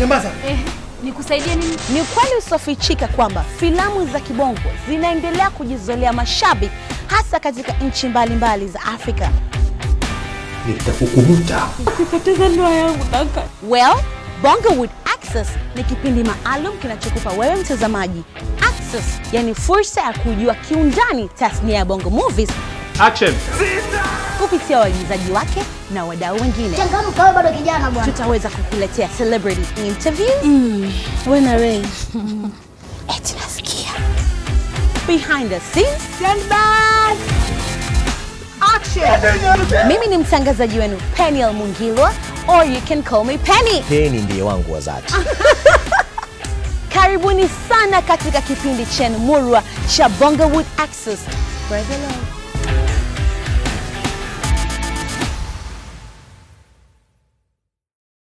Nyambaza. Eh, nikusaidie nini? Ni kweli usiofichika kwamba filamu za kibongo zinaendelea kujizolea mashabiki hasa katika nchi mbalimbali za Afrika. Nitakukubuta. Nipoteza ndoa yangu kaka. Well, Bongowood Access ni kipindi maalum kinachokupa wewe mtazamaji Sus. Yani fursa ya kujua kiundani tasnia ya Bongo Movies Action. Kupitia waigizaji wake na wadau wengine. Changamka wewe bado kijana bwana. Tutaweza kukuletea celebrity interview. Mm. Wena Ray. Eti eh, nasikia. Behind the scenes. Stand by. Action. Mimi ni mtangazaji wenu Peniel Mungilwa or you can call me Penny. Penny ndiye wangu wa dhati. Karibuni sana katika kipindi chenu murwa cha Bongowood Access. Brother love.